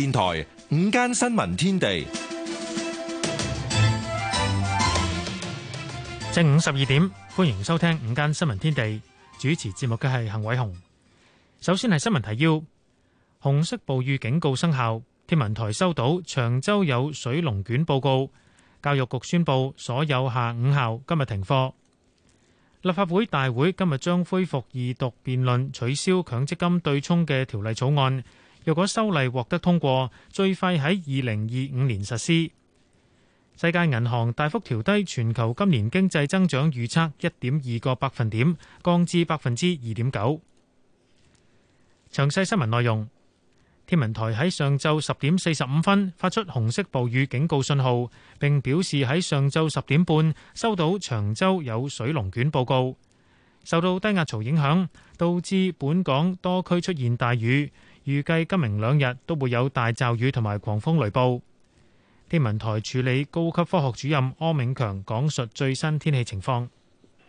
電台午間新聞天地正午十二點，歡迎收聽午間新聞天地。主持節目嘅係幸偉雄。首先係新聞提要：紅色暴雨警告生效，天文台收到長洲有水龍捲報告。教育局宣布所有下午校今日停課。立法會大會今日將恢復二讀辯論，取消強積金對沖嘅條例草案。若果修例獲得通過，最快喺二零二五年實施。世界銀行大幅調低全球今年經濟增長預測，一點二個百分點，降至百分之二點九。詳細新聞內容，天文台喺上晝十點四十五分發出紅色暴雨警告信號，並表示喺上晝十點半收到長洲有水龍捲報告，受到低壓槽影響，導致本港多區出現大雨。預計今明兩日都會有大驟雨同埋狂風雷暴。天文台助理高級科學主任柯銘強講述最新天氣情況。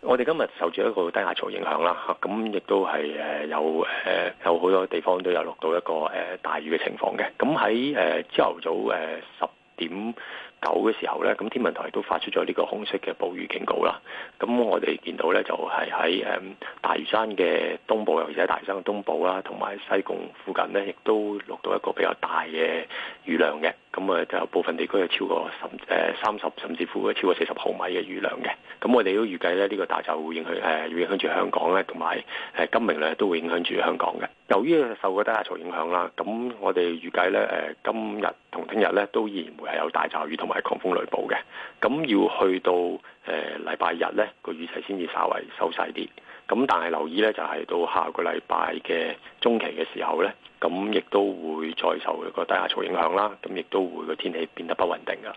我哋今日受住一個低壓槽影響啦，咁亦都係誒有誒有好多地方都有落到一個誒大雨嘅情況嘅。咁喺誒朝頭早誒十點九嘅時候呢，咁天文台都發出咗呢個紅色嘅暴雨警告啦。咁我哋見到呢，就係喺誒大嶼山嘅東部，尤其是喺大嶼山嘅東部啦，同埋西貢附近呢，亦都落到一個比較大嘅雨量嘅。咁啊，就部分地區係超過十誒三十，甚至乎超過四十毫米嘅雨量嘅。咁我哋都預計呢，呢、這個大潮會影響誒、呃，影響住香港咧，同埋誒今明咧，都會影響住香港嘅。由於受個低壓槽影響啦，咁我哋預計咧誒、呃、今日同聽日咧都依然會係有大暴雨同。係狂風雷暴嘅，咁要去到誒禮拜日呢，個雨勢先至稍為收細啲。咁但係留意呢，就係到下個禮拜嘅中期嘅時候呢，咁亦都會再受一個低壓槽影響啦。咁亦都會個天氣變得不穩定噶。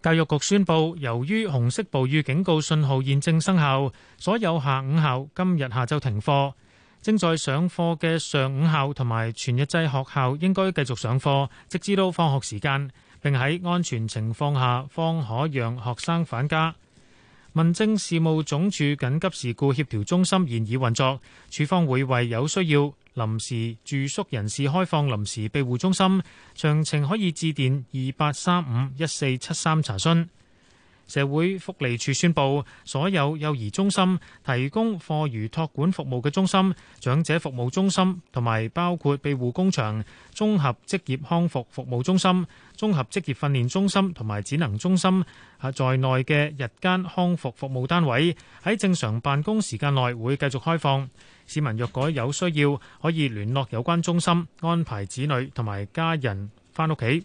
教育局宣布，由於紅色暴雨警告信號現正生效，所有下午校今日下晝停課。正在上課嘅上午校同埋全日制學校應該繼續上課，直至到放學時間，並喺安全情況下方可讓學生返家。民政事務總署緊急事故協調中心現已運作，處方會為有需要臨時住宿人士開放臨時庇護中心，詳情可以致電二八三五一四七三查詢。社會福利處宣布，所有幼兒中心提供課餘托管服務嘅中心、長者服務中心，同埋包括庇護工場、綜合職業康復服務中心、綜合職業訓練中心同埋展能中心喺在內嘅日間康復服務單位，喺正常辦公時間內會繼續開放。市民若果有需要，可以聯絡有關中心安排子女同埋家人返屋企。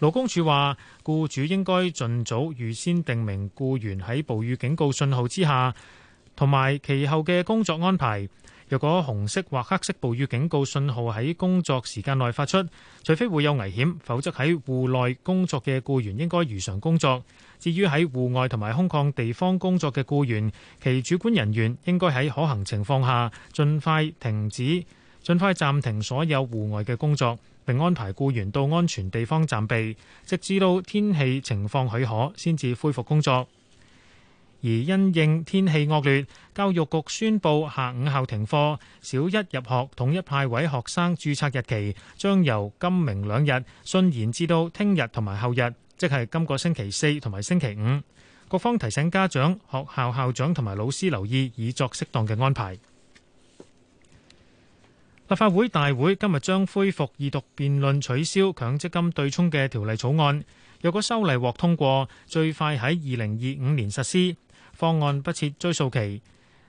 勞工處話，僱主應該盡早預先定明僱員喺暴雨警告信號之下，同埋其後嘅工作安排。若果紅色或黑色暴雨警告信號喺工作時間內發出，除非會有危險，否則喺戶內工作嘅僱員應該如常工作。至於喺戶外同埋空曠地方工作嘅僱員，其主管人員應該喺可行情況下盡快停止、盡快暫停所有戶外嘅工作。並安排僱員到安全地方暫避，直至到天氣情況許可，先至恢復工作。而因應天氣惡劣，教育局宣佈下午校停課，小一入學統一派位學生註冊日期將由今明兩日順延至到聽日同埋後日，即係今個星期四同埋星期五。局方提醒家長、學校校長同埋老師留意，以作適當嘅安排。立法會大會今日將恢復二讀辯論取消強積金對沖嘅條例草案，若果修例獲通過，最快喺二零二五年實施。方案不設追溯期，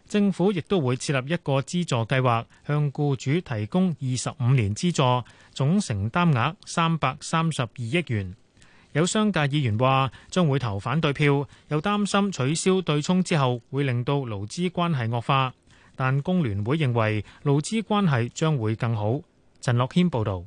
政府亦都會設立一個資助計劃，向僱主提供二十五年資助，總承擔額三百三十二億元。有商界議員話將會投反對票，又擔心取消對沖之後會令到勞資關係惡化。但工聯會認為勞資關係將會更好。陳樂謙報導，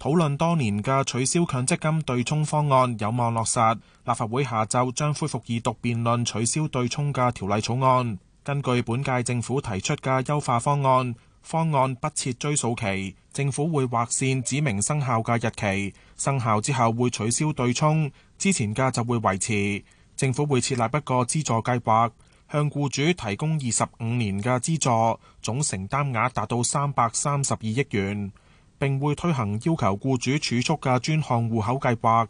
討論多年嘅取消強積金對沖方案有望落實。立法會下晝將恢復二讀辯論取消對沖嘅條例草案。根據本屆政府提出嘅優化方案，方案不設追溯期，政府會劃線指明生效嘅日期。生效之後會取消對沖，之前嘅就會維持。政府會設立一個資助計劃。向僱主提供二十五年嘅資助，總承擔額達到三百三十二億元，並會推行要求僱主儲蓄嘅專項戶口計劃。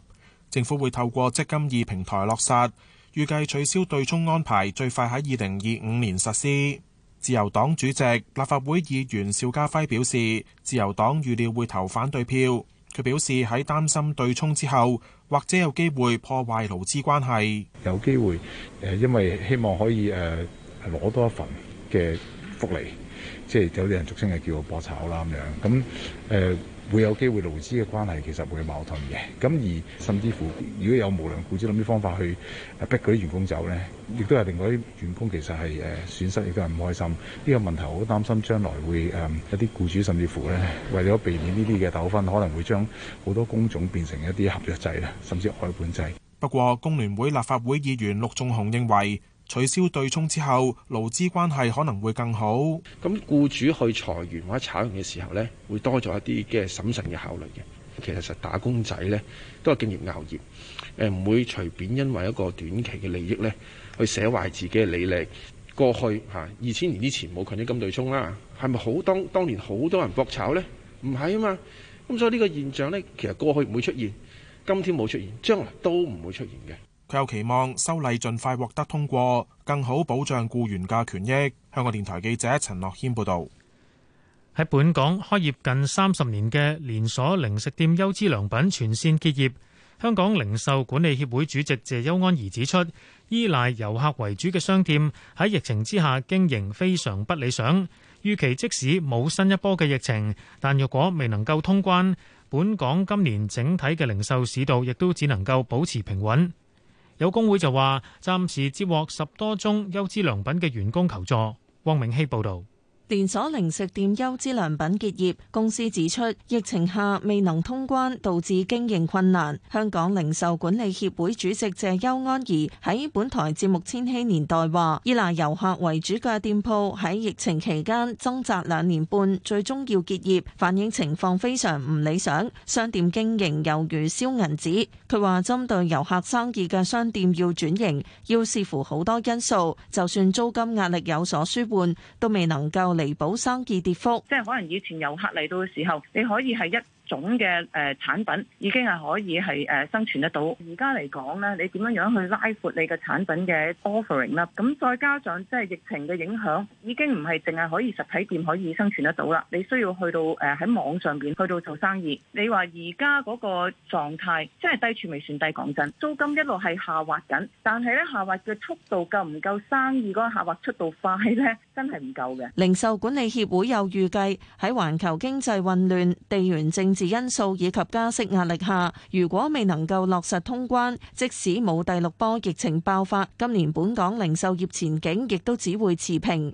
政府會透過積金易平台落實，預計取消對沖安排最快喺二零二五年實施。自由黨主席、立法會議員邵家輝表示，自由黨預料會投反對票。佢表示喺擔心對沖之後。或者有機會破壞勞資關係，有機會誒、呃，因為希望可以誒攞、呃、多一份嘅福利，即係有啲人俗稱係叫做搏炒啦咁樣，咁、呃、誒。會有機會勞資嘅關係其實會矛盾嘅，咁而甚至乎如果有無良雇主諗啲方法去逼嗰啲員工走呢，亦都係令到啲員工其實係誒損失，亦都係唔開心。呢個問題好擔心，將來會誒一啲僱主甚至乎呢，為咗避免呢啲嘅糾紛，可能會將好多工種變成一啲合約制啦，甚至外判制。不過，工聯會立法會議員陸仲雄認為。取消對沖之後，勞資關係可能會更好。咁僱主去裁員或者炒人嘅時候呢，會多咗一啲嘅審慎嘅考慮嘅。其實實打工仔呢，都係敬業熬業，呃，唔會隨便因為一個短期嘅利益呢，去寫壞自己嘅履歷。過去嚇二千年之前冇強積金對沖啦，係咪好當當年好多人搏炒呢？唔係啊嘛。咁所以呢個現象呢，其實過去唔會出現，今天冇出現，將來都唔會出現嘅。佢又期望修例盡快獲得通過，更好保障僱員嘅權益。香港電台記者陳樂謙報道：喺本港開業近三十年嘅連鎖零食店優之良品全線結業。香港零售管理協會主席謝邱安儀指出，依賴遊客為主嘅商店喺疫情之下經營非常不理想。預期即使冇新一波嘅疫情，但若果未能夠通關，本港今年整體嘅零售市道亦都只能夠保持平穩。有工會就話，暫時接獲十多宗優質良品嘅員工求助。汪明希報導。連鎖零食店優之良品結業，公司指出疫情下未能通關，導致經營困難。香港零售管理協會主席謝邱安儀喺本台節目《千禧年代》話：依賴遊客為主嘅店鋪喺疫情期間掙扎兩年半，最終要結業，反映情況非常唔理想。商店經營猶如燒銀紙。佢話針對遊客生意嘅商店要轉型，要視乎好多因素，就算租金壓力有所舒緩，都未能夠。彌補生意跌幅，即係可能以前遊客嚟到嘅時候，你可以係一。總嘅誒產品已經係可以係誒生存得到。而家嚟講咧，你點樣樣去拉闊你嘅產品嘅 offering 啦？咁再加上即係疫情嘅影響，已經唔係淨係可以實體店可以生存得到啦。你需要去到誒喺網上邊去到做生意。你話而家嗰個狀態，即係低處未算低，講真，租金一路係下滑緊，但係咧，下滑嘅速度夠唔夠生意嗰個下滑速度快咧？真係唔夠嘅。零售管理協會又預計喺環球經濟混亂、地緣政因素以及加息壓力下，如果未能夠落實通關，即使冇第六波疫情爆發，今年本港零售業前景亦都只會持平。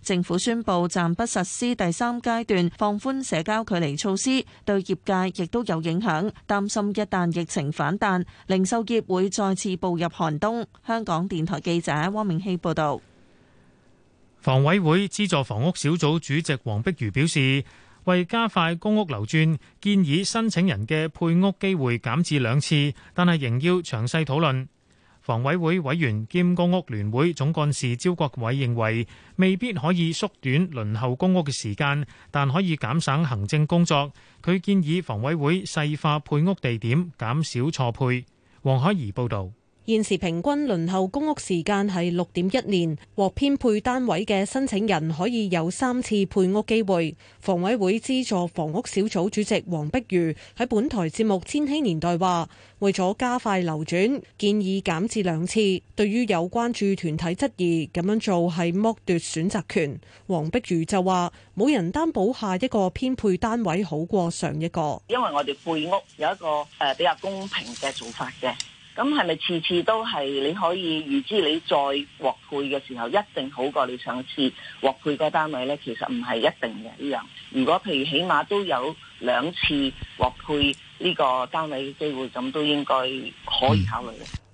政府宣布暫不實施第三階段放寬社交距離措施，對業界亦都有影響。擔心一旦疫情反彈，零售業會再次步入寒冬。香港電台記者汪明希報導。房委會資助房屋小組主席黃碧如表示，為加快公屋流轉，建議申請人嘅配屋機會減至兩次，但係仍要詳細討論。房委會委員兼公屋聯會總幹事招國偉認為，未必可以縮短輪候公屋嘅時間，但可以減省行政工作。佢建議房委會細化配屋地點，減少錯配。黃海怡報道。現時平均輪候公屋時間係六點一年，獲編配單位嘅申請人可以有三次配屋機會。房委會資助房屋小組主席黃碧如喺本台節目《千禧年代》話：為咗加快流轉，建議減至兩次。對於有關注團體質疑咁樣做係剝奪選擇權，黃碧如就話：冇人擔保下一個編配單位好過上一個，因為我哋配屋有一個誒比較公平嘅做法嘅。咁係咪次次都係你可以預知你再獲配嘅時候一定好過你上次獲配個單位呢？其實唔係一定嘅呢樣。如果譬如起碼都有兩次獲配呢個單位嘅機會，咁都應該可以考慮。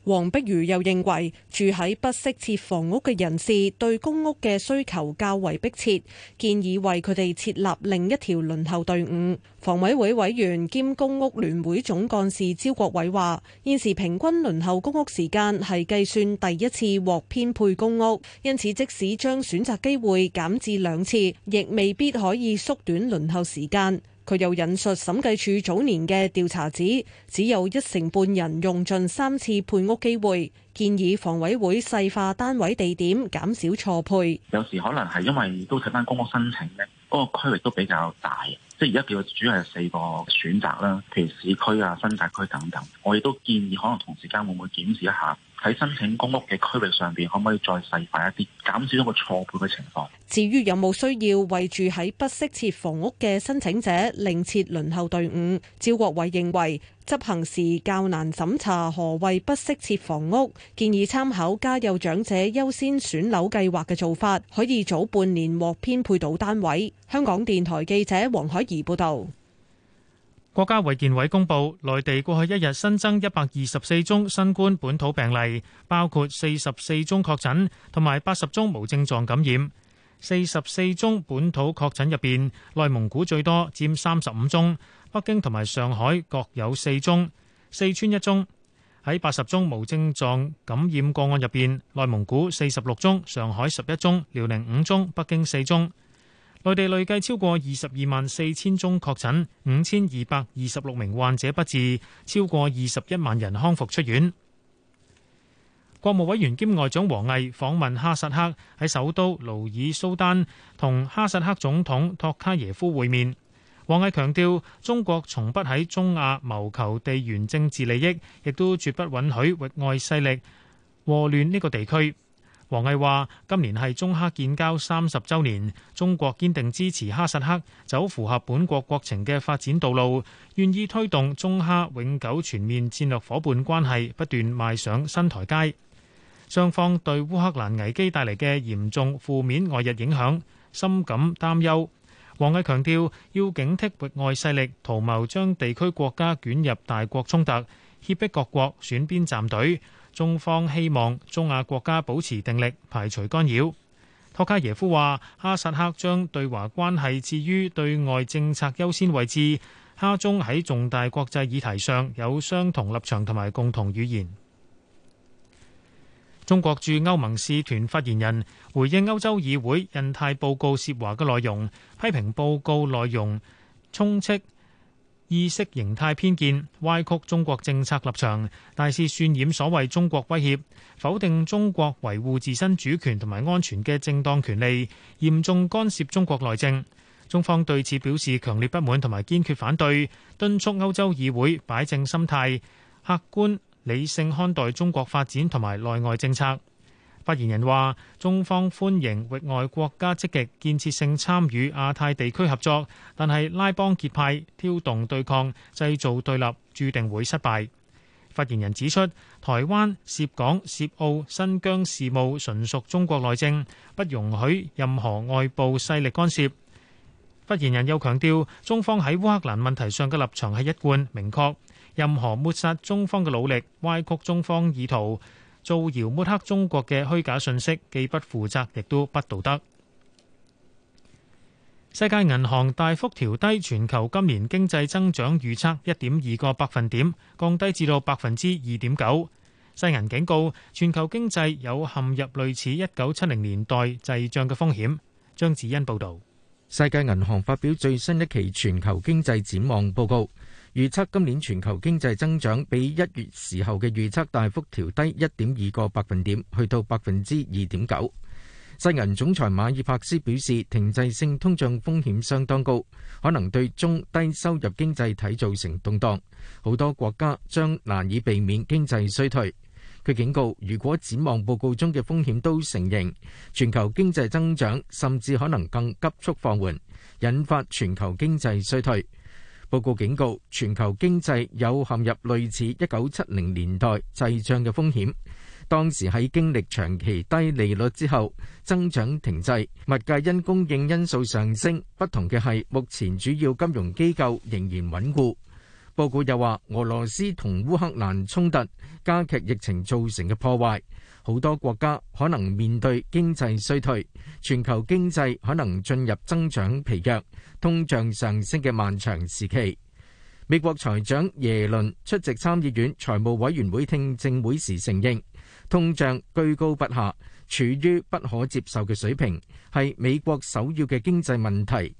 黃碧如又認為住喺不適切房屋嘅人士對公屋嘅需求較為迫切，建議為佢哋設立另一條輪候隊伍。房委會委員兼公屋聯會總幹事招國偉話：現時平均輪候公屋時間係計算第一次獲編配公屋，因此即使將選擇機會減至兩次，亦未必可以縮短輪候時間。佢又引述審計署早年嘅調查指，只有一成半人用盡三次配屋機會，建議房委會細化單位地點，減少錯配。有時可能係因為都睇返公屋申請咧，嗰個區域都比較大，即係而家叫主要係四個選擇啦，譬如市區啊、新界區等等。我亦都建議可能同時間會唔會檢視一下。喺申請公屋嘅區域上邊，可唔可以再細化一啲，減少一個錯判嘅情況？至於有冇需要為住喺不適切房屋嘅申請者另設輪候隊伍？趙國偉認為執行時較難審查何謂不適切房屋，建議參考家有長者優先選樓計劃嘅做法，可以早半年獲編配到單位。香港電台記者黃海怡報導。國家衛健委公布，內地過去一日新增一百二十四宗新冠本土病例，包括四十四宗確診同埋八十宗無症狀感染。四十四宗本土確診入面，內蒙古最多，佔三十五宗；北京同埋上海各有四宗，四川一宗。喺八十宗無症狀感染個案入面，內蒙古四十六宗，上海十一宗，遼寧五宗，北京四宗。內地累計超過二十二萬四千宗確診，五千二百二十六名患者不治，超過二十一萬人康復出院。國務委員兼外長王毅訪問哈薩克，喺首都努爾蘇丹同哈薩克總統托卡耶夫會面。王毅強調，中國從不喺中亞謀求地緣政治利益，亦都絕不允許域外勢力禍亂呢個地區。王毅話：今年係中哈建交三十周年，中國堅定支持哈薩克走符合本國國情嘅發展道路，願意推動中哈永久全面戰略伙伴關係不斷邁上新台階。雙方對烏克蘭危機帶嚟嘅嚴重負面外日影響深感擔憂。王毅強調，要警惕域外勢力圖謀將地區國家捲入大國衝突，脅迫各國選邊站隊。中方希望中亞國家保持定力，排除干擾。托卡耶夫話：哈薩克將對華關係置於對外政策優先位置。哈中喺重大國際議題上有相同立場同埋共同語言。中國駐歐盟使團發言人回應歐洲議會印太報告涉華嘅內容，批評報告內容充斥意識形態偏見，歪曲中國政策立場，大肆渲染所謂中國威脅，否定中國維護自身主權同埋安全嘅正當權利，嚴重干涉中國內政。中方對此表示強烈不滿同埋堅決反對，敦促歐洲議會擺正心態，客觀理性看待中國發展同埋內外政策。發言人話：中方歡迎域外國家積極建設性參與亞太地區合作，但係拉幫結派、挑動對抗、製造對立，注定會失敗。發言人指出，台灣涉港、涉澳、新疆事務純屬中國內政，不容許任何外部勢力干涉。發言人又強調，中方喺烏克蘭問題上嘅立場係一貫明確，任何抹殺中方嘅努力、歪曲中方意圖，造謠抹黑中國嘅虛假信息，既不負責亦都不道德。世界銀行大幅調低全球今年經濟增長預測一點二個百分點，降低至到百分之二點九。世銀警告，全球經濟有陷入類似一九七零年代滯脹嘅風險。張子欣報道。世界銀行發表最新一期全球經濟展望報告，預測今年全球經濟增長比一月時候嘅預測大幅調低一點二個百分點，去到百分之二點九。世銀總裁馬爾帕斯表示，停滯性通脹風險相當高，可能對中低收入經濟體造成動盪，好多國家將難以避免經濟衰退。佢警告，如果展望報告中嘅風險都承認，全球經濟增長甚至可能更急速放緩，引發全球經濟衰退。報告警告，全球經濟有陷入類似一九七零年代滯脹嘅風險。當時喺經歷長期低利率之後，增長停滯，物價因供應因素上升。不同嘅係，目前主要金融機構仍然穩固。報告又話，俄羅斯同烏克蘭衝突加劇疫情造成嘅破壞。好多國家可能面對經濟衰退，全球經濟可能進入增長疲弱、通脹上升嘅漫長時期。美國財長耶倫出席參議院財務委員會聽證會時承認，通脹居高不下，處於不可接受嘅水平，係美國首要嘅經濟問題。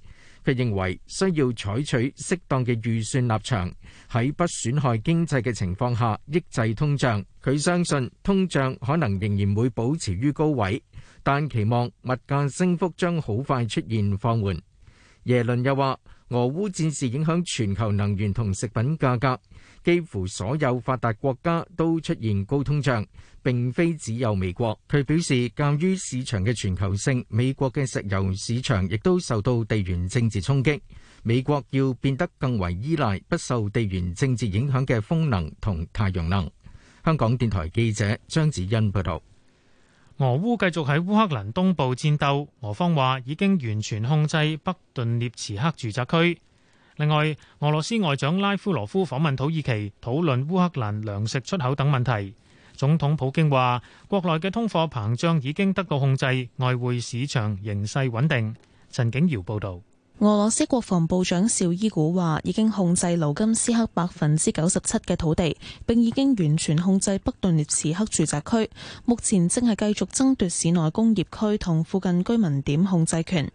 佢認為需要採取適當嘅預算立場，喺不損害經濟嘅情況下抑制通脹。佢相信通脹可能仍然會保持於高位，但期望物價升幅將好快出現放緩。耶倫又話，俄烏戰事影響全球能源同食品價格。幾乎所有發達國家都出現高通脹，並非只有美國。佢表示，鑑於市場嘅全球性，美國嘅石油市場亦都受到地緣政治衝擊。美國要變得更為依賴不受地緣政治影響嘅風能同太陽能。香港電台記者張子欣報道：俄烏繼續喺烏克蘭東部戰鬥，俄方話已經完全控制北頓涅茨克住宅區。另外，俄羅斯外長拉夫羅夫訪問土耳其，討論烏克蘭糧食出口等問題。總統普京話：國內嘅通貨膨脹已經得到控制，外匯市場形勢穩定。陳景堯報導。俄羅斯國防部長邵伊古話：已經控制盧金斯克百分之九十七嘅土地，並已經完全控制北頓涅茨克住宅區。目前正係繼續爭奪市內工業區同附近居民點控制權。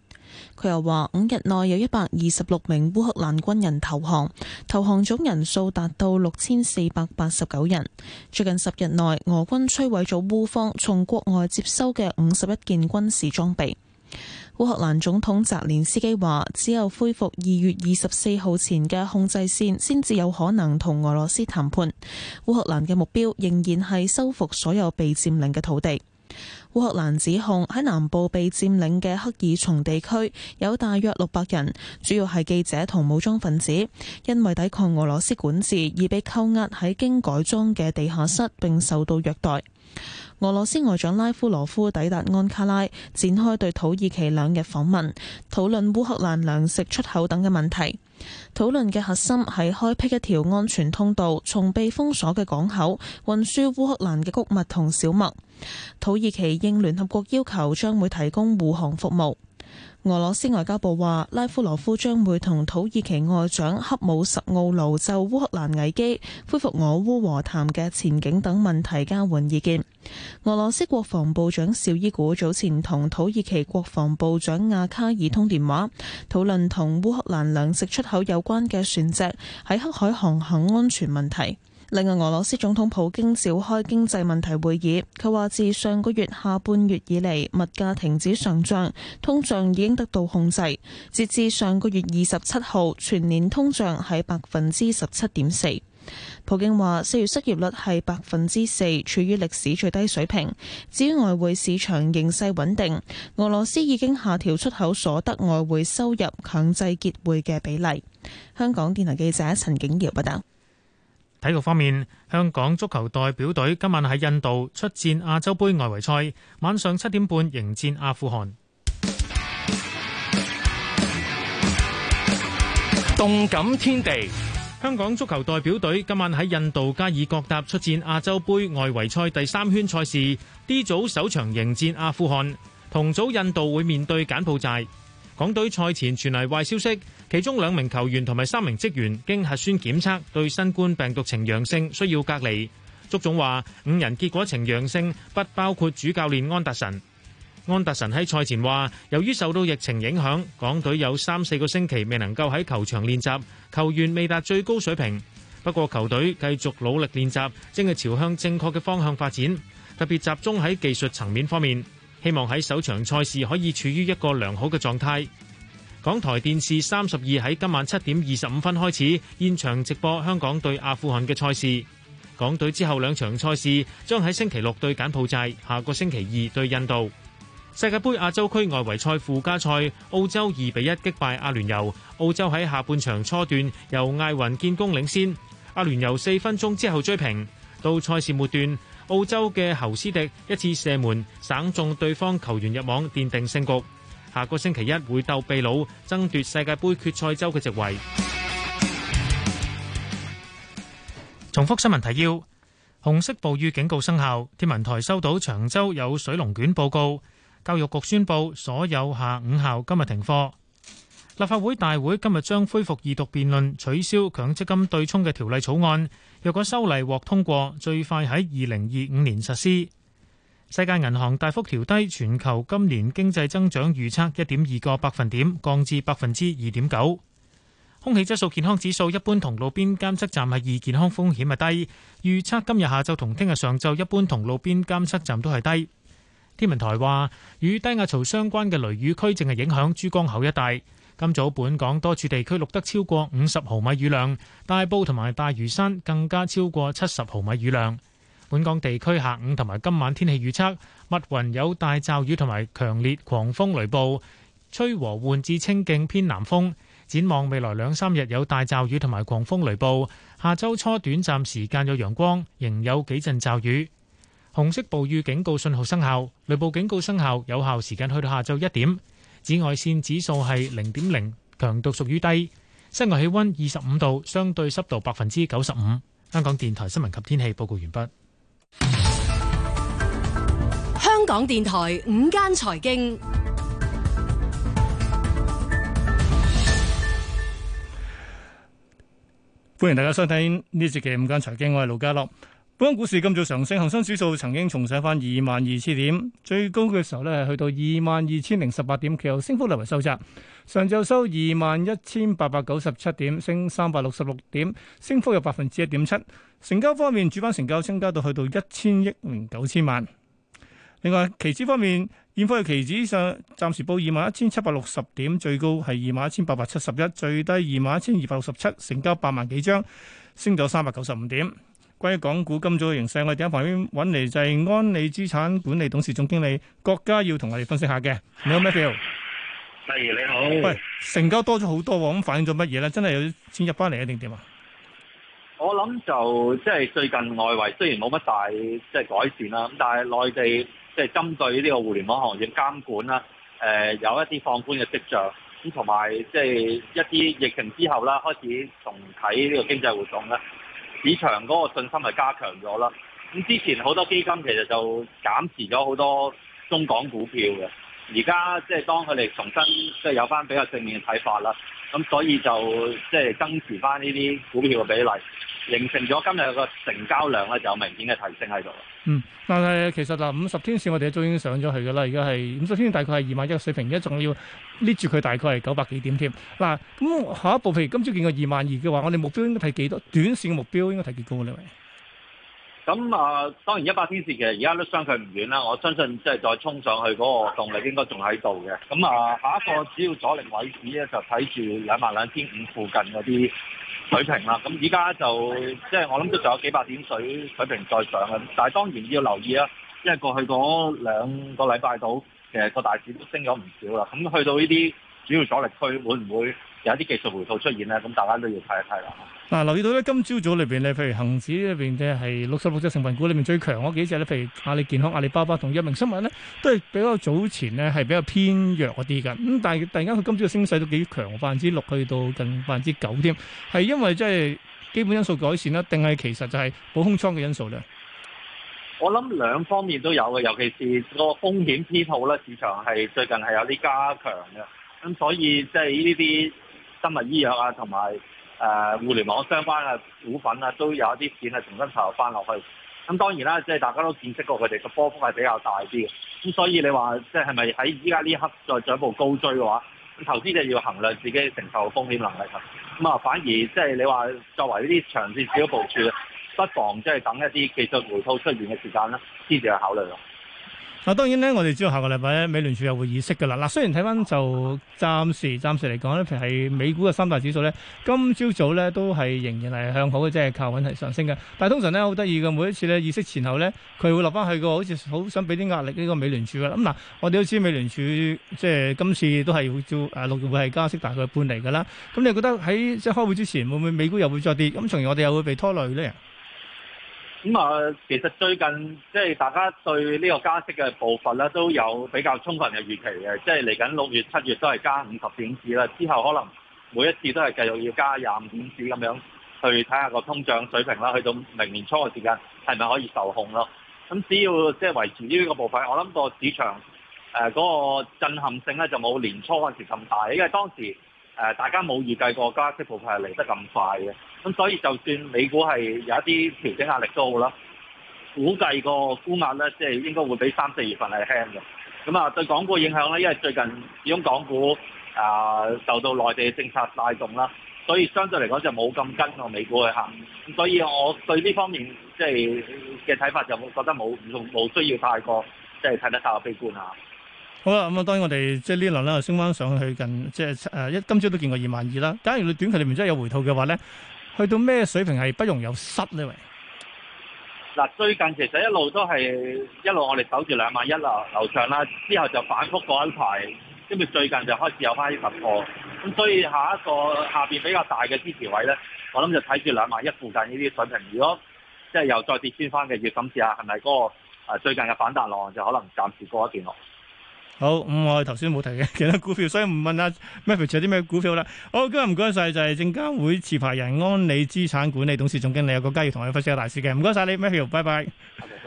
佢又話：五日內有一百二十六名烏克蘭軍人投降，投降總人數達到六千四百八十九人。最近十日內，俄軍摧毀咗烏方從國外接收嘅五十一件軍事裝備。烏克蘭總統澤連斯基話：只有恢復二月二十四號前嘅控制線，先至有可能同俄羅斯談判。烏克蘭嘅目標仍然係收復所有被佔領嘅土地。烏克蘭指控喺南部被佔領嘅克爾松地區有大約六百人，主要係記者同武裝分子，因為抵抗俄羅斯管治而被扣押喺經改裝嘅地下室，並受到虐待。俄羅斯外長拉夫羅夫抵達安卡拉，展開對土耳其兩日訪問，討論烏克蘭糧食出口等嘅問題。討論嘅核心係開闢一條安全通道，從被封鎖嘅港口運輸烏克蘭嘅穀物同小麥。土耳其應聯合國要求，將會提供護航服務。俄羅斯外交部話，拉夫羅夫將會同土耳其外長克姆什奧盧就烏克蘭危機、恢復俄烏和談嘅前景等問題交換意見。俄羅斯國防部長紹伊古早前同土耳其國防部長亞卡爾通電話，討論同烏克蘭糧食出口有關嘅船隻喺黑海航行安全問題。另外，俄羅斯總統普京召開經濟問題會議，佢話自上個月下半月以嚟，物價停止上漲，通脹已經得到控制。截至上個月二十七號，全年通脹係百分之十七點四。普京話四月失業率係百分之四，處於歷史最低水平。至於外匯市場形勢穩定，俄羅斯已經下調出口所得外匯收入強制結匯嘅比例。香港電台記者陳景堯報道。體育方面，香港足球代表隊今晚喺印度出戰亞洲盃外圍賽，晚上七點半迎戰阿富汗。動感天地，香港足球代表隊今晚喺印度加爾各答出戰亞洲盃外圍賽第三圈賽事 D 組首場，迎戰阿富汗。同組印度會面對柬埔寨。港隊賽前傳嚟壞消息，其中兩名球員同埋三名職員經核酸檢測對新冠病毒呈陽性，需要隔離。足總話五人結果呈陽性，不包括主教練安達臣。安達臣喺賽前話，由於受到疫情影響，港隊有三四個星期未能夠喺球場練習，球員未達最高水平。不過球隊繼續努力練習，正係朝向正確嘅方向發展，特別集中喺技術層面方面。希望喺首場賽事可以處於一個良好嘅狀態。港台電視三十二喺今晚七點二十五分開始現場直播香港對阿富汗嘅賽事。港隊之後兩場賽事將喺星期六對柬埔寨，下個星期二對印度。世界杯亞洲區外圍賽附加賽，澳洲二比一擊敗阿聯酋。澳洲喺下半場初段由艾雲建功領先，阿聯酋四分鐘之後追平，到賽事末段。澳洲嘅侯斯迪一次射門省中對方球員入網奠定勝局，下個星期一會鬥秘魯爭奪世界盃決賽周嘅席位。重複新聞提要：紅色暴雨警告生效，天文台收到長洲有水龍捲報告，教育局宣布所有下午校今日停課。立法會大會今日將恢復二讀辯論，取消強積金對沖嘅條例草案。若果修例獲通過，最快喺二零二五年實施。世界銀行大幅調低全球今年經濟增長預測，一點二個百分點，降至百分之二點九。空氣質素健康指數一般同路邊監測站係二，健康風險係低，預測今日下晝同聽日上晝一般同路邊監測站都係低。天文台話，與低壓槽相關嘅雷雨區淨係影響珠江口一帶。今早本港多處地區錄得超過五十毫米雨量，大埔同埋大嶼山更加超過七十毫米雨量。本港地區下午同埋今晚天氣預測，密雲有大驟雨同埋強烈狂風雷暴，吹和緩至清勁偏南風。展望未來兩三日有大驟雨同埋狂風雷暴，下周初短暫時間有陽光，仍有幾陣驟雨。紅色暴雨警告信號生效，雷暴警告生效，有效時間去到下晝一點。紫外線指數係零點零，強度屬於低。室外氣溫二十五度，相對濕度百分之九十五。香港電台新聞及天氣報告完畢。香港電台午間財經，歡迎大家收聽呢節嘅午間財經，我係盧家樂。本港股市今早上升，恒生指數曾經重上翻二萬二千點，最高嘅時候咧係去到二萬二千零十八點，其後升幅略為收窄。上晝收二萬一千八百九十七點，升三百六十六點，升幅有百分之一點七。成交方面，主板成交增加到去到一千億零九千萬。另外，期指方面，現貨期指上暫時報二萬一千七百六十點，最高係二萬一千八百七十一，最低二萬一千二百六十七，成交八萬幾張，升咗三百九十五點。關於港股今早嘅形勢，我哋喺旁邊揾嚟就係安理資產管理董事總經理郭家耀，同我哋分析下嘅。你好，Matthew。係你好。喂，成交多咗好多，咁反映咗乜嘢咧？真係有錢入翻嚟啊，定點啊？我諗就即係最近外圍雖然冇乜大即係改善啦，咁但係內地即係針對呢個互聯網行業監管啦，誒，有一啲放寬嘅跡象，咁同埋即係一啲疫情之後啦，開始重啟呢個經濟活動啦。市場嗰個信心係加強咗啦，咁之前好多基金其實就減持咗好多中港股票嘅，而家即係當佢哋重新即係、就是、有翻比較正面嘅睇法啦，咁所以就即係增持翻呢啲股票嘅比例。形成咗今日個成交量咧就有明顯嘅提升喺度。嗯，但係其實嗱，五十天線我哋已經上咗去噶啦，而家係五十天線大概係二萬一水平，而家仲要 lift 住佢大概係九百幾點添。嗱，咁下一步，譬如今朝見過二萬二嘅話，我哋目標應該睇幾多？短線嘅目標應該睇幾高？我哋？咁、呃、啊，當然一百天線其實而家都相距唔遠啦，我相信即係再衝上去嗰個動力應該仲喺度嘅。咁啊、呃，下一個主要阻力位置咧，就睇住兩萬兩千五附近嗰啲水平啦，咁而家就即係我諗都仲有幾百點水水平再上嘅，但係當然要留意啦，因為過去嗰兩個禮拜到其實個大市都升咗唔少啦。咁去到呢啲主要阻力區，會唔會有一啲技術回吐出現咧？咁大家都要睇一睇啦。嗱、啊，留意到咧，今朝早裏邊，你譬如恒指裏邊嘅係六十六隻成分股裏面最強嗰幾隻咧，譬如阿里健康、阿里巴巴同一鳴生物咧，都係比較早前咧係比較偏弱一啲噶。咁、嗯、但係突然間佢今朝嘅升勢都幾強，百分之六去到近百分之九添，係因為即係基本因素改善啦，定係其實就係補空倉嘅因素咧？我諗兩方面都有嘅，尤其是個風險偏好啦。市場係最近係有啲加強嘅，咁所以即係呢啲生物醫藥啊，同埋。誒、呃、互聯網相關嘅股份啦、啊，都有一啲錢啊，重新投入翻落去。咁、啊、當然啦，即、就、係、是、大家都見識過佢哋個波幅係比較大啲嘅。咁所以你話即係係咪喺依家呢刻再進一步高追嘅話，投資者要衡量自己承受風險能力啊。咁啊，反而即係、就是、你話作為呢啲長線小部署，不妨即係等一啲技術回吐出現嘅時間啦，先至去考慮咯。嗱、啊，當然咧，我哋知道下個禮拜咧，美聯儲又會議息㗎啦。嗱、啊，雖然睇翻就暫時暫時嚟講咧，譬如係美股嘅三大指數咧，今朝早咧都係仍然係向好嘅，即係靠穩係上升嘅。但係通常咧，好得意嘅，每一次咧議息前後咧，佢會落翻去個，好似好想俾啲壓力呢個美聯儲嘅。咁、啊、嗱，我哋都知美聯儲即係今次都係要做、啊、六月會係加息大概半釐嘅啦。咁、啊、你覺得喺即係開會之前會唔會美股又會再跌？咁從而我哋又會被拖累咧？咁啊、嗯，其實最近即係大家對呢個加息嘅步伐咧，都有比較充分嘅預期嘅，即係嚟緊六月、七月都係加五十點子啦。之後可能每一次都係繼續要加廿五點子咁樣去睇下個通脹水平啦。去到明年初嘅時間，係咪可以受控咯？咁只要即係維持呢個部分，我諗個市場誒嗰個震撼性咧就冇年初嗰時咁大，因為當時。誒、啊，大家冇預計過加息步伐嚟得咁快嘅，咁所以就算美股係有一啲調整壓力都好啦，估計個估壓咧，即、就、係、是、應該會比三四月份係輕嘅。咁啊，對港股影響咧，因為最近始終港股啊受到內地政策帶動啦，所以相對嚟講就冇咁跟同、啊、美股去行。咁所以我對呢方面即係嘅睇法就覺得冇冇需要太過即係、就是、睇得太過悲觀。好啦，咁啊，當然我哋即係呢輪咧升翻上去近，即係誒一今朝都見過二萬二啦。假如你短期裏面真係有回吐嘅話咧，去到咩水平係不容有失咧？嗱，最近其實一路都係一路我哋守住兩萬一流流長啦，之後就反覆過一排，跟住最近就開始有翻啲突破。咁所以下一個下邊比較大嘅支持位咧，我諗就睇住兩萬一附近呢啲水平。如果即係又再跌穿翻嘅，今次要審視下係咪嗰個最近嘅反彈浪就可能暫時過一段落。好，咁、嗯、我頭先冇提嘅其他股票，所以唔問阿 Matthew 有啲咩股票啦。好，今日唔該晒，就係證監會持牌人安理資產管理董事總經理阿郭佳耀同我哋分析下大市嘅。唔該晒你，Matthew，拜拜。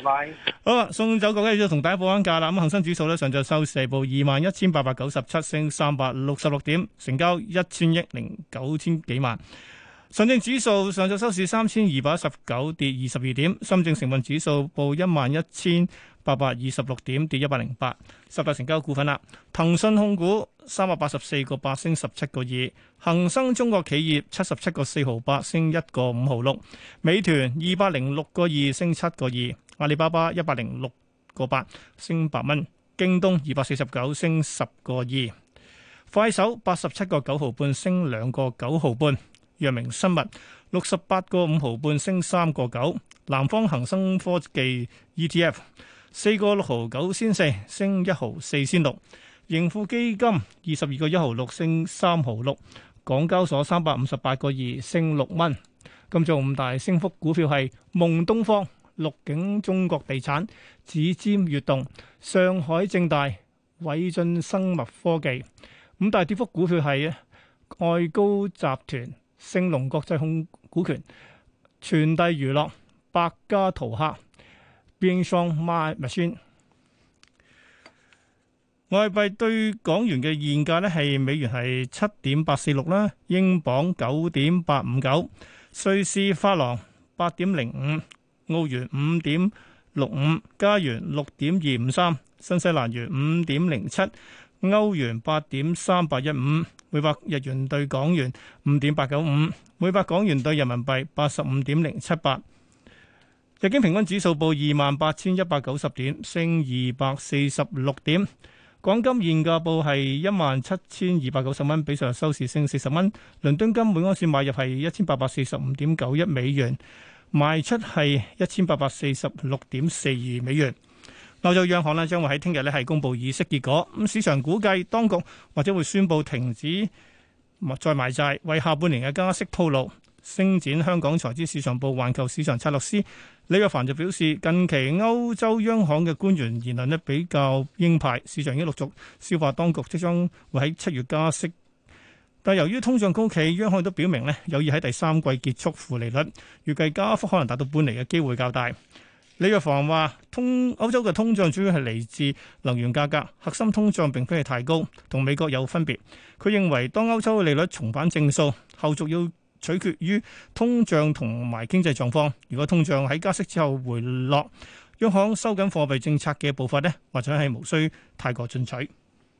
拜、okay。好啦，送走郭佳耀，同大家報安價啦。咁恒生指數咧，上晝收市報二萬一千八百九十七，升三百六十六點，成交一千億零九千幾萬。上證指數上晝收市三千二百一十九，跌二十二點，深證成分指數報一萬一千。八百二十六點跌一百零八，十大成交股份啦。騰訊控股三百八十四個八升十七個二，恒生中國企業七十七個四毫八升一個五毫六，美團二百零六個二升七個二，阿里巴巴一百零六個八升八蚊，京東二百四十九升十個二，快手八十七個九毫半升兩個九毫半，藥明生物六十八個五毫半升三個九，南方恒生科技 ETF。四個六毫九仙四升一毫四仙六，盈富基金二十二個一毫六升三毫六，港交所三百五十八個二升六蚊。今早五大升幅股票係夢東方、綠景中國地產、指尖悅動、上海正大、偉進生物科技。五大跌幅、ok、股票係愛高集團、聖龍國際控股權、傳遞娛樂、百家圖客。英鎊買物先，外幣對港元嘅現價咧係美元係七點八四六啦，英鎊九點八五九，瑞士法郎八點零五，澳元五點六五，加元六點二五三，新西蘭元五點零七，歐元八點三八一五，每百日元對港元五點八九五，每百港元對人民幣八十五點零七八。北京平均指數報二萬八千一百九十點，升二百四十六點。港金現價報係一萬七千二百九十蚊，比上日收市升四十蚊。倫敦金每盎司買入係一千八百四十五點九一美元，賣出係一千八百四十六點四二美元。歐洲央行咧將會喺聽日呢係公布議息結果，咁市場估計當局或者會宣布停止再買債，為下半年嘅加息鋪路。升展香港財資市場部環球市場策略師李若凡就表示，近期歐洲央行嘅官員言論咧比較鷹派，市場已經陸續消化當局即將會喺七月加息。但由於通脹高企，央行都表明咧有意喺第三季結束負利率，預計加幅可能達到半釐嘅機會較大。李若凡話：通歐洲嘅通脹主要係嚟自能源價格，核心通脹並非係太高，同美國有分別。佢認為當歐洲嘅利率重返正數，後續要取決於通脹同埋經濟狀況，如果通脹喺加息之後回落，央行收緊貨幣政策嘅步伐咧，或者係無需太過進取。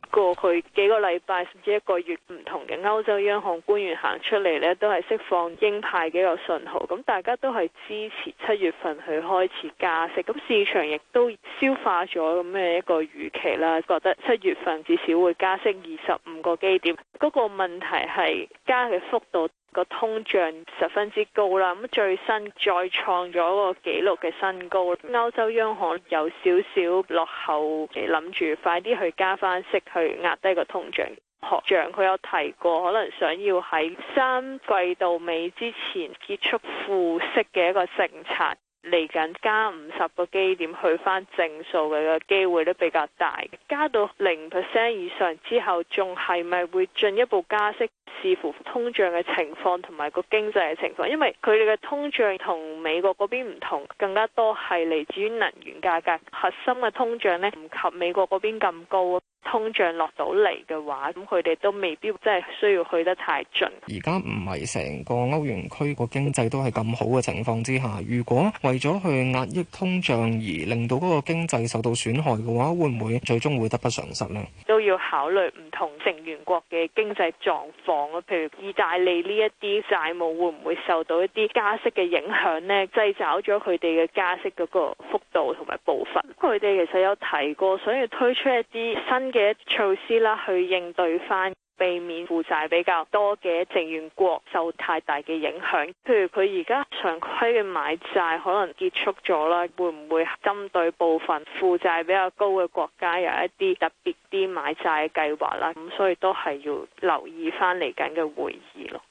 過去幾個禮拜甚至一個月唔同嘅歐洲央行官員行出嚟咧，都係釋放鷹派嘅一個信號，咁大家都係支持七月份去開始加息，咁市場亦都消化咗咁嘅一個預期啦。覺得七月份至少會加息二十五個基點。嗰個問題係加嘅幅度。個通脹十分之高啦，咁最新再創咗個紀錄嘅新高。歐洲央行有少少落後，諗住快啲去加翻息去壓低個通脹。行長，佢有提過，可能想要喺三季度尾之前結束負息嘅一個政策。嚟緊加五十個基點去翻正數嘅個機會都比較大，加到零 percent 以上之後，仲係咪會進一步加息，視乎通脹嘅情況同埋個經濟嘅情況。因為佢哋嘅通脹同美國嗰邊唔同，更加多係嚟自於能源價格。核心嘅通脹呢，唔及美國嗰邊咁高。通脹落到嚟嘅話，咁佢哋都未必真係需要去得太盡。而家唔係成個歐元區個經濟都係咁好嘅情況之下，如果為咗去壓抑通脹而令到嗰個經濟受到損害嘅話，會唔會最終會得不償失咧？都要考慮唔同成員國嘅經濟狀況啊，譬如意大利呢一啲債務會唔會受到一啲加息嘅影響咧？掣肘咗佢哋嘅加息嗰個幅度同埋步伐。佢哋其實有提過，想要推出一啲新嘅一措施啦，去應對翻。避免負債比較多嘅成員國受太大嘅影響，譬如佢而家常規嘅買債可能結束咗啦，會唔會針對部分負債比較高嘅國家有一啲特別啲買債嘅計劃啦？咁所以都係要留意翻嚟緊嘅會議咯。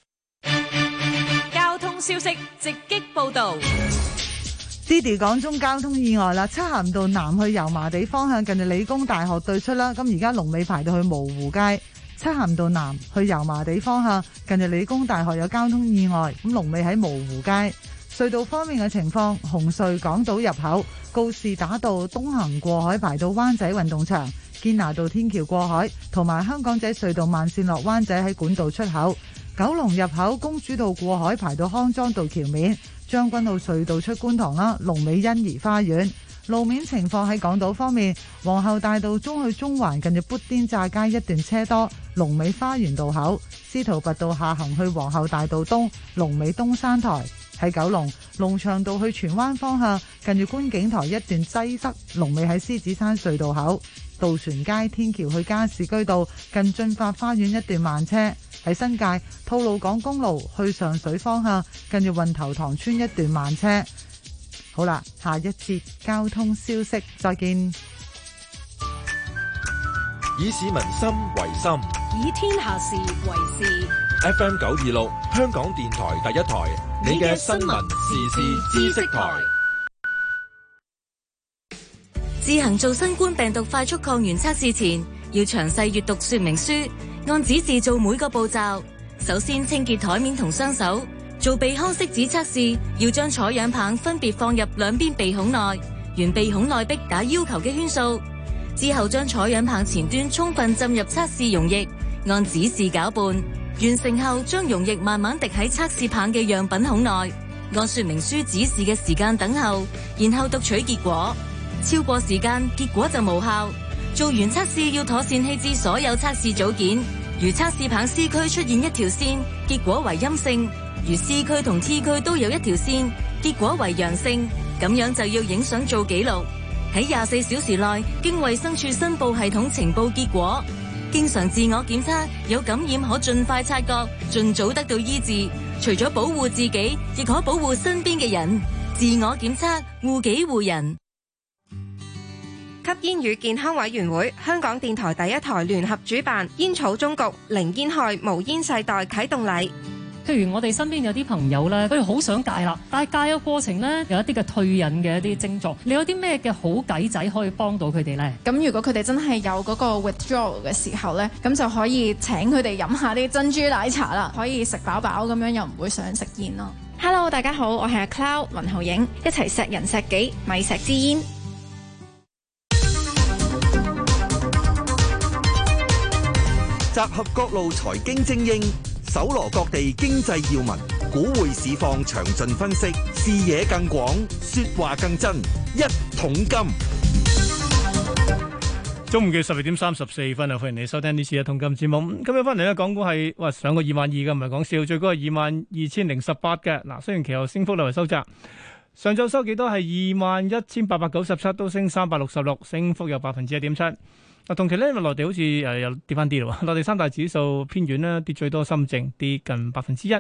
交通消息直擊報，報道，Diddy 港中交通意外啦，漆咸道南去油麻地方向，近住理工大學對出啦。咁而家龍尾排到去蕪湖街。漆咸道南去油麻地方向，近日理工大學有交通意外，咁龍尾喺蕪湖街。隧道方面嘅情況，紅隧港島入口、告士打道東行過海排到灣仔運動場，堅拿道天橋過海，同埋香港仔隧道慢線落灣仔喺管道出口，九龍入口公主道過海排到康莊道橋面，將軍澳隧道出觀塘啦，龍尾欣怡花園。路面情況喺港島方面，皇后大道中去中環近住砵甸乍街一段車多；龍尾花園道口、司徒拔道下行去皇后大道東龍尾東山台，喺九龍龍翔道去荃灣方向近住觀景台一段擠塞，龍尾喺獅子山隧道口；渡船街天橋去加士居道近駿發花園一段慢車，喺新界吐露港公路去上水方向近住運頭塘村一段慢車。好啦，下一節交通消息，再見。以市民心為心，以天下事為事。FM 九二六，香港電台第一台，你嘅新聞時事知識台。自行做新冠病毒快速抗原測試前，要詳細閱讀說明書，按指示做每個步驟。首先，清潔台面同雙手。做鼻腔拭子測試，要將採樣棒分別放入兩邊鼻孔內，沿鼻孔內壁打要求嘅圈數，之後將採樣棒前端充分浸入測試溶液，按指示攪拌。完成後，將溶液慢慢滴喺測試棒嘅樣品孔內，按說明書指示嘅時間等候，然後讀取結果。超過時間，結果就無效。做完測試要妥善棄置所有測試組件。如測試棒 C 區出現一條線，結果為陰性。如 C 區同 T 區都有一條線，結果為陽性，咁樣就要影相做記錄，喺廿四小時內經衛生署申報系統呈報結果。經常自我檢測，有感染可盡快察覺，盡早得到醫治。除咗保護自己，亦可保護身邊嘅人。自我檢測，護己護人。吸煙與健康委員會、香港電台第一台聯合主辦煙草中局零煙害無煙世代啟動禮。譬如我哋身邊有啲朋友咧，佢哋好想戒啦，但係戒嘅過程咧有一啲嘅退隱嘅一啲症狀。你有啲咩嘅好計仔可以幫到佢哋咧？咁如果佢哋真係有嗰個 withdrawal 嘅時候咧，咁就可以請佢哋飲下啲珍珠奶茶啦，可以食飽飽咁樣又唔會想食煙咯。Hello，大家好，我係阿 Cloud 雲浩影，一齊石人石己，米石之煙，集合各路財經精英。搜羅各地經濟要聞，股匯市況詳盡分析，視野更廣，說話更真。一桶金，中午嘅十二點三十四分啊。歡迎你收聽呢次嘅《一桶金》節目。今日翻嚟咧，港股係哇上過二萬二嘅，唔係講笑，最高係二萬二千零十八嘅。嗱，雖然其後升幅略為收窄，上晝收幾多係二萬一千八百九十七，都升三百六十六，升幅有百分之一點七。嗱，同期咧，因為內地好似誒又跌翻啲咯，內地三大指數偏軟咧，跌最多深證跌近百分之一，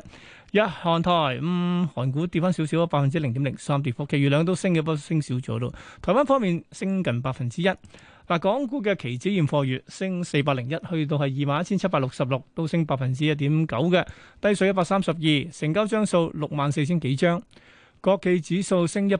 日韓 yeah, 台咁嗯，韓股跌翻少少，百分之零點零三跌幅，其餘兩都升嘅，不過升少咗咯。台灣方面升近百分之一，嗱，港股嘅期指現貨月升四百零一，去到係二萬一千七百六十六，都升百分之一點九嘅，低水一百三十二，成交張數六萬四千幾張，國企指數升一。